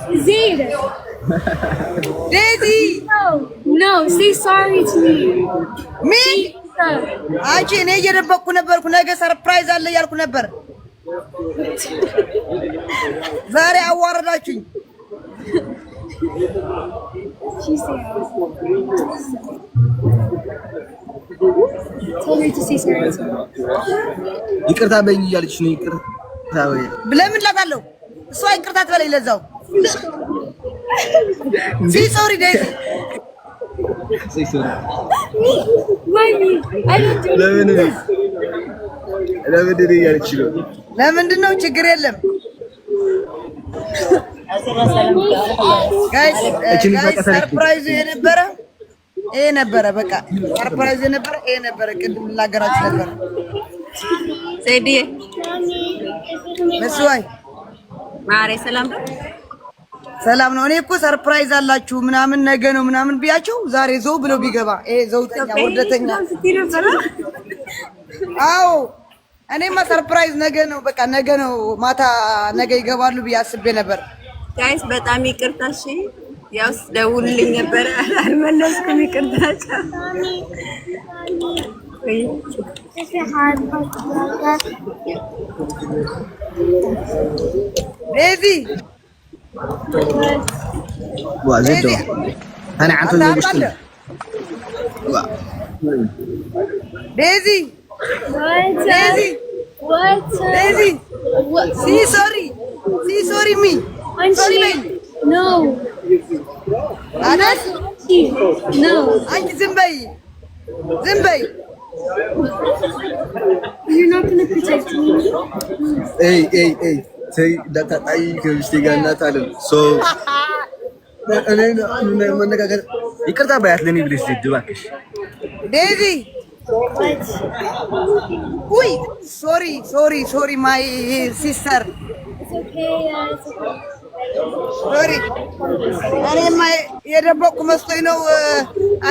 Zed. Daisy. No, no, say sorry to me. Me? አንቺ እኔ እየደበቅኩ ነበርኩ። ነገ ሰርፕራይዝ አለ እያልኩ ነበር። ዛሬ አዋረዳችሁኝ። ይቅርታ በይኝ እያለች ነው። ይቅርታ በይ። ለምን እላታለሁ? እሷ ይቅርታ ትበለኝ ለዛው ለምንድን ነው? ችግር የለም። uh, ሰርፕራይዙ የነበረ ይሄ ነበረ። በቃ ሰርፕራይዙ የነበረ ይሄ ነበረ። ቅድም ላገራችሁ ነበረ ሴድዬ መስዋይ ማሬ ሰላም ሰላም ነው። እኔ እኮ ሰርፕራይዝ አላችሁ ምናምን ነገ ነው ምናምን ብያቸው ዛሬ ዘው ብለው ቢገባ ይሄ ዘውተኛ ወደተኛ። አዎ እኔማ ሰርፕራይዝ ነገ ነው በቃ ነገ ነው ማታ ነገ ይገባሉ ብዬ አስቤ ነበር። ጋይስ በጣም ይቅርታ እሺ። ያውስ ደውልልኝ ነበረ አልመለስኩም፣ ይቅርታ ቻው ቤቢ زده انا عنتو يوشتني ديزي ديزي ديزي سي سوري سي سوري مي سوري مي نو انا نو انت ዝም በይ ዝም በይ You're not going to protect me. Hey, hey, hey. ተቃጣይ ከሚስቴ ጋር እናት አለም መነጋገር ይቅርታ ባያት ለእኔ ብለሽ እባክሽ ዴዚ ሶሪ ሶሪ ሶሪ ማይ ሲስተር እኔማ የደበቁ መስሎኝ ነው።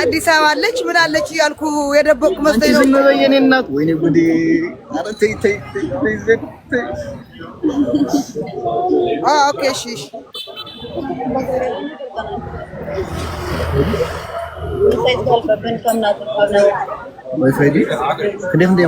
አዲስ አበባ አለች ምን አለች እያልኩ የደበቁ መስሎኝ ነው። ዝም በይ የእኔ እናት። ወይኔ ጉዴ! ኧረ ተይ ተይ ተይ። ኦኬ እሺ እሺ ወይ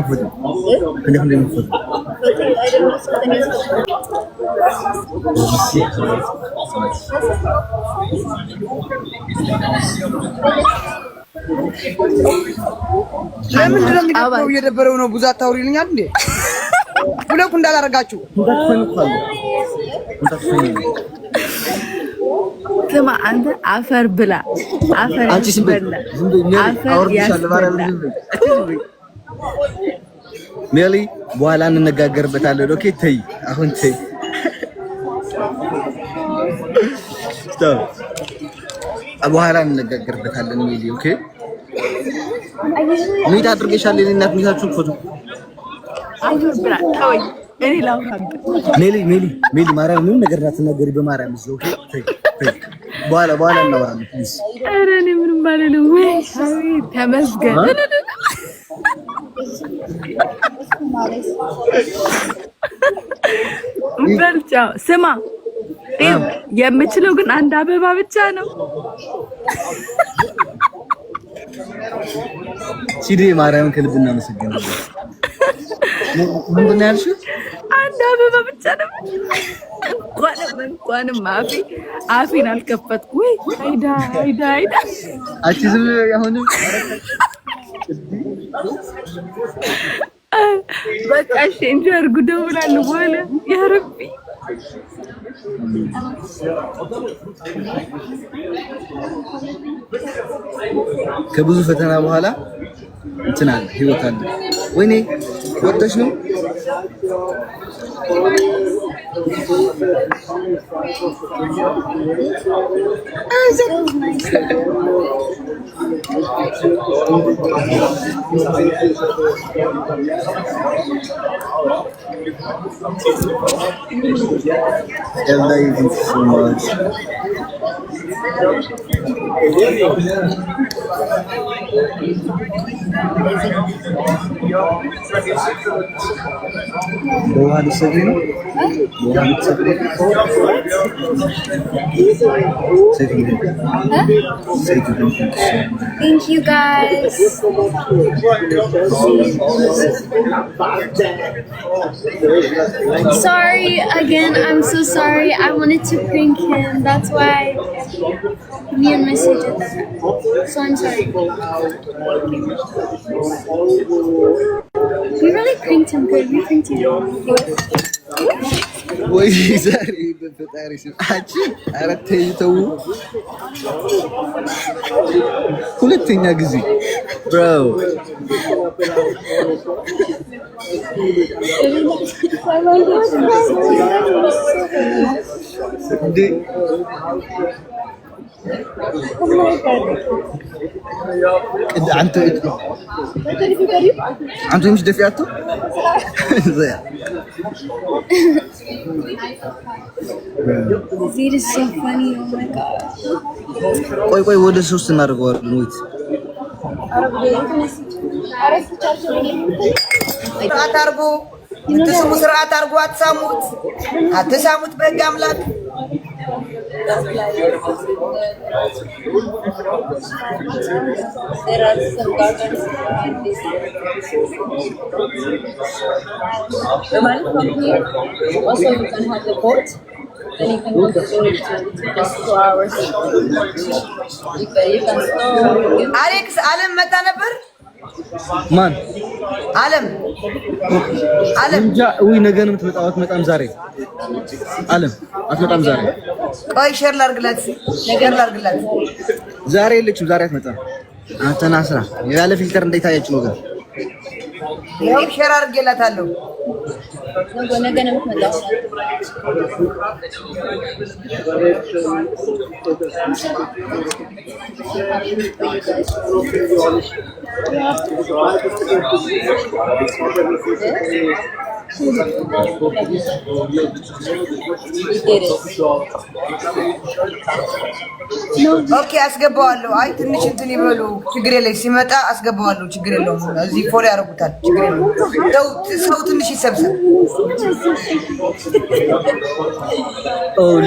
ለምንድነው የሚደብረው? እየደበረው ነው። ብዙ አታውሪልኛል እንዴ? ሁለቱ እንዳላረጋችሁ ስማ አንተ አፈር ብላ አፈር ሜሊ በኋላ እንነጋገርበታለን። ኦኬ ተይ፣ አሁን ተይ። በኋላ እንነጋገርበታለን ሜሊ። ኦኬ ሚት አድርገሻል። ሚታችሁን ፎቶ ሜሊ ሜሊ ሜሊ ማርያም ምንም ነገር እንዳትናገሪ በማርያም እዚህ ኦኬ። በኋላ በኋላ እናወራለን። ኧረ እኔ ምንም ተመስገን በልቻ ስማ፣ የምችለው ግን አንድ አበባ ብቻ ነው። ሲዲ ማርያም ከልብ እናመሰግናለን። ምንድን ነው ያልሽው? አንድ አበባ ብቻ ነው። እንኳንም እንኳንም አፌ አፌን አልከፈትኩ። ወይ አይዳ አይዳ አይዳ አቺ ዝም ያሁን በቃ እሺ እንጂ አድርጉ ደውላለሁ በኋላ ከብዙ ፈተና በኋላ እንትን አለ ህይወት አለ። ወይኔ ወጣሽ ነው Oh, nice? you so much. Thank you. Doha disagreed? Huh? Doha disagreed? Say good Huh? Thank you guys. Sorry again, I'm so sorry. I wanted to prank him. That's why me and my sister did that. So I'm sorry. You really paint him good. You paint him ወይ ዛሬ በፈጣሪ ስም አጭ አራት ተይተው ሁለተኛ ጊዜ ብሮ እንዴ አንተ ትንሽ ደፊ አቶ ቆይ ቆይ፣ ወደ ሶስት እናደርገዋለን። ወይት ስርዓት አድርጎ የምትስሙ ስርዓት አድርጎ አትሳሙት፣ አትሳሙት በህግ አምላክ There are some gardens in this The one from here, also you can have the boat. Then you can go to the just two hours. You can, you can snow. Alex, Alan Matanabar? ማን አለም አለም እንጃ ወይ ነገ ነው የምትመጣው አትመጣም ዛሬ አለም አትመጣም ዛሬ ቆይ ሼር ላድርግላት፣ ነገር ላድርግላት። ዛሬ የለችም፣ ዛሬ አትመጣም። አንተና ስራ ያለ ፊልተር እንዳይታያችሁ ነው። ጋር ያው ሼር አድርጌላታለሁ። ኦኬ፣ አስገባዋለሁ። አይ ትንሽ እንትን ይበሉ፣ ችግር የለኝ። ሲመጣ አስገባዋለሁ፣ ችግር የለውም። እዚህ ፎሎ ያደርጉታል፣ ችግር የለውም። ሰው ትንሽ ይሰብሰብ።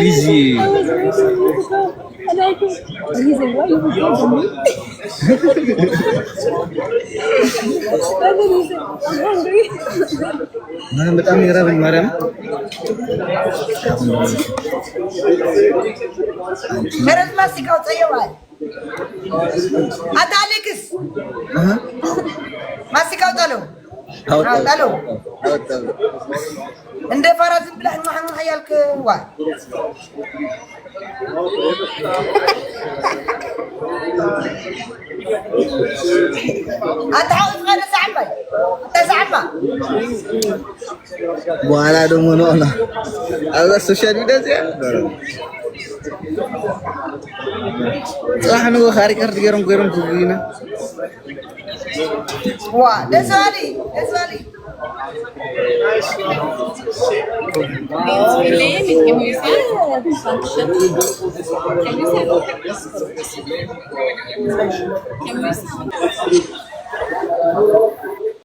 ሊዚ በጣም ይረብኝ ማርያም ከረት ማስቲካው ጸየዋል። አታልቅስ ማስቲካው ጣለው ጣለው እንደ ፋራ ዝም ብለህ ማሐኑ ሀያልክ ዋ አታውቅ በኋላ ደግሞ ነው ነው አዛ ሶሻል ሚዲያ እዚያ ጥራሕ ንጎ ካሪ ቀርዲ ገይሮም ገይሮም ክጉይና ዋ ደስ በሃሊ ደስ በሃሊ